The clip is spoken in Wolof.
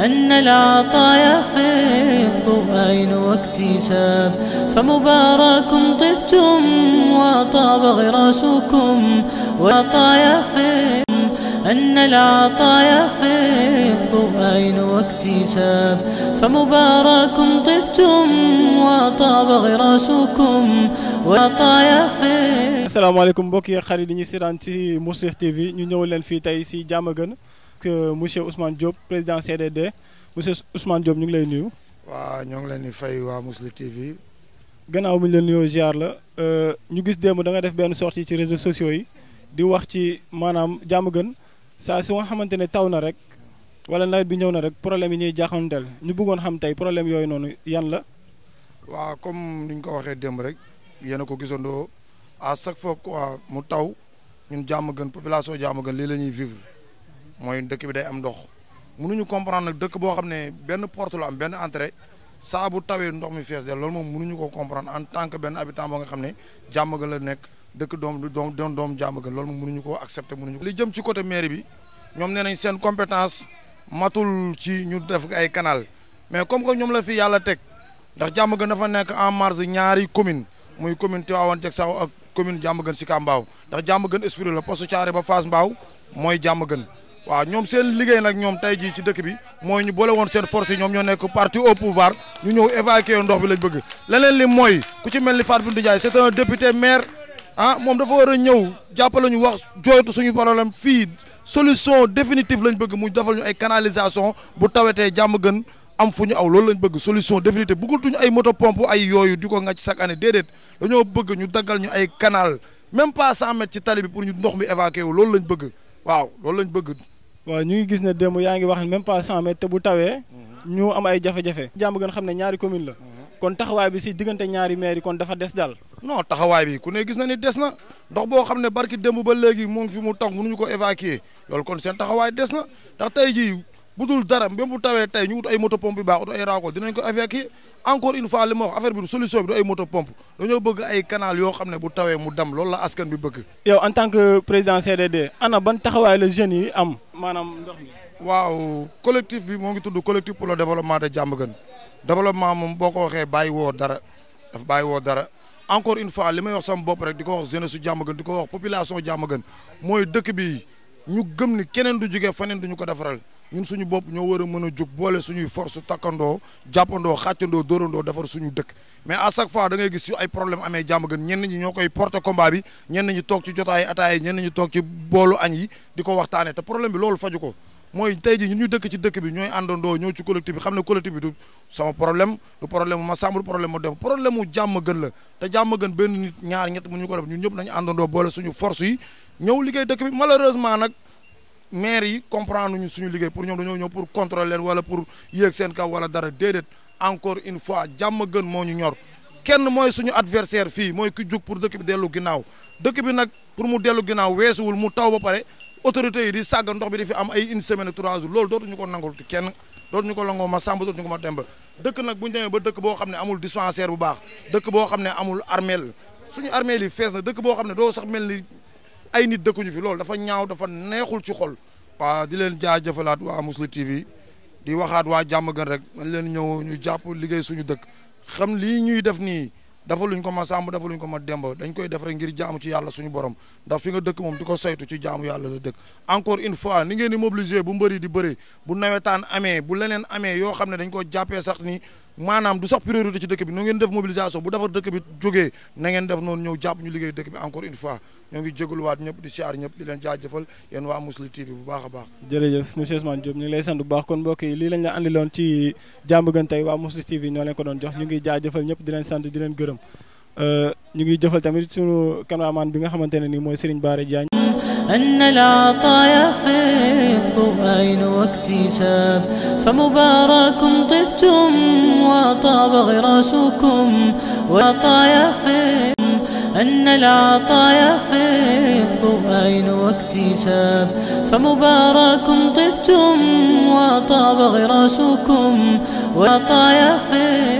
أن العطايا حفظ أين واكتساب فمبارك طبتم وطاب غراسكم والعطايا حفظ أن العطايا حفظ أين واكتساب فمبارك طبتم وطاب غراسكم والعطايا حفظ asalaamaaleykum mbokk yi xarit yi ñu seetaan ci Mouslih TV ñu ñëw leen fii tey ci Diamaguène ak monsieur Ousmane Diop président CDD monsieur Ousmane Diop ñu ngi lay nuyu. waaw ñoo ngi leen di fay waa Mously TV. gannaaw bi ñu leen nuyoo ziar la euh, ñu gis démb da def benn sortie ci réseaux sociaux yi di wax ci maanaam jàmm gën saa su nga xamante ne taw na rek wala nawet bi ñëw na rek problème yi ñuy jaaxanteel ñu bëggoon xam tey problème yooyu noonu yan la. waaw comme ni ñu ko waxee démb rek yéen a ko gisandoo à chaque fois quoi mu taw ñun jàmm gën population jàmm gën lii la ñuy vivre. mooy dëkk bi day am ndox mënuñu comprendre dëkk boo xam ne benn porte loo am benn entrée saabu tawee ndox mi fees de loolu moom mënuñu ko comprendre en tant que benn habitant boo nga xam ne jàmm ga la nekk dëkk doom doom doom doom jàmm ga loolu moom mënuñu ko accepter mënuñu ko. li jëm ci côté mairie bi ñoom nee nañ seen compétence matul ci ñu def ay canal mais comme que ñoom la fi yàlla teg ndax jàmm gën dafa nekk en marge ñaari commune muy commune Tivaouane Diacksao ak commune jàmm gën Sicap Mbao ndax jàmm gën Esprit la poste Thiaré ba Fass Mbao mooy jàmm gën waaw ñoom seen liggéey nag ñoom tey jii ci dëkk bi mooy ñu boole woon seen force ñoom ñoo nekk parti au pouvoir ñu ñëw évacuer ndox bi lañ bëgg leneen li mooy ku ci mel ni Fatou Binetou Ndiaye c'est un député maire ah moom dafa war a ñëw jàppale ñu wax jooytu suñu problème fii solution définitive lañ bëgg mu defal ñu ay canalisation bu tawetee jàmm gën am fu ñu aw loolu lañ bëgg solution définitive bëggatuñu ay moto pompe yooyu di ko nga ci chaque année déedéet bëgg ñu daggal ñu ay canal même pas cent mètres ci tali bi pour ñu ndox mi évacuer wu loolu lañ bëgg waaw loolu lañ bëgg. waaw ñu ngi gis ne démb yaa ngi wax même pas 100 te bu tawee. Mhm. ñu am ay jafe-jafe. jàmm gën xam ne ñaari commune la. Mhm. kon taxawaay bi si diggante ñaari maire yi kon dafa des daal. non taxawaay bi ku ne gis na ni des na ndox boo xam ne barki démb ba léegi moo ngi fi mu tax mënuñu ko évacuer loolu kon seen taxawaay des na ndax tey jii bu dul dara même mu tawee tey ñu wut ay moto pompe yu baax utu ay raakool dinañ ko affecté encore une fois li ma wax affaire bi solution bi du ay moto pompe dañoo bëgg ay canal yoo xam ne bu tawee mu dam loolu la askan bi bëgg. yow en tant que président CDD ana ban taxawaay la jeunes yi am. maanaam ndox mi. waaw collectif bi moo ngi tudd collectif pour le développement de Diamaguène développement moom boo ko waxee bàyyi woo dara daf bàyyi woo dara encore une fois li may wax sama bopp rek di ko wax jeunesse su di ko wax population Diamaguène mooy dëkk bi ñu gëm ni keneen du jógee faneen du ko defaral. ñun suñu bopp ñoo war a mën a jug boole suñuy force takkandoo jàppandoo xàccandoo dóorandoo defar suñu dëkk mais à chaque fois da ngay gis su ay problème amee jàmm gën ñenn ñi ñoo koy porter combat bi ñenn ñi toog ci jotaay ataay ñenn ñi toog ci boolu añ te problème bi loolu faju ko mooy tey ji dëkk ci dëkk bi ñooy àndandoo ñëw ci collectif bi xam ne collectif bi du sama problème du problème mu ma sàmm du problème mu def problème mu jàmm gën la te jàmm benn ñaar ñett mu ñu ko def ñun ñëpp nañu àndandoo boole suñu force yi ñëw liggéey dëkk bi malheureusement nag maire yi comprendre ñu suñu liggéey pour ñoom dañoo ñëw pour contrôler leen wala pour yéeg seen kaw wala dara déedéet encore une fois jàmm gën moo ñu ñor kenn mooy suñu adversaire fii mooy ki jug pour dëkk bi dellu ginnaaw dëkk bi nag pour mu dellu ginnaaw weesuwul mu taw ba pare autorités yi di sàggal ndox bi di fi am ay une semaine ak trois jours loolu dootuñu ko nangul ci kenn dootuñu ko langoo ma sàmb dootuñu ko ma demba dëkk nag bu ñu demee ba dëkk boo xam ne amul dispensaire bu baax dëkk boo xam ne amul armeel suñu armeel yi fees na dëkk boo xam ne doo sax mel ni ay nit dëkkuñu fi loolu dafa ñaaw dafa neexul ci xol waaw di leen jaajëfalaat waa Mously TV di waxaat waa jàmm gën rek man leen ñëw ñu jàpp liggéey suñu dëkk xam lii ñuy def nii dafa luñ ko ma sàmm dafa luñ ko ma demb dañ koy def rek ngir jaamu ci yàlla suñu borom ndax fi nga dëkk moom di ko saytu ci jaamu yàlla la dëkk encore une fois ni ngeen di mobiliser bu mbëri di bëri bu nawetaan amee bu leneen amee yoo xam ne dañ ko jàppee sax ni maanaam du sax priorité ci dëkk bi no ngeen def mobilisation bu defar dëkk bi jógee na ngeen def noonu ñëw jàpp ñu liggéey dëkk bi encore une fois ñoo ngi jégaluwaat ñëpp di siyaar ñëpp di leen jaajëfal yéen bu baax a baax jërëjëf monsieur Ousmane Diop ñu ngi lay sant bu baax kon mbokk yi lii lañ la andiloon ci jàmm gën tey waa Mously TV ñoo leen ko doon jox ñu ngi jaajëfal ñëpp di leen sant di gërëm euh, ñu ngi jëfal tamit suñu cameraman bi nga xamante ne nii mooy Serigne Bara Diagne ضؤين واكتساب فمبارك طبتم وطاب غراسكم وعطايا حلم أن العطايا حفظ أين واكتساب فمبارك طبتم وطاب غراسكم وعطايا حلم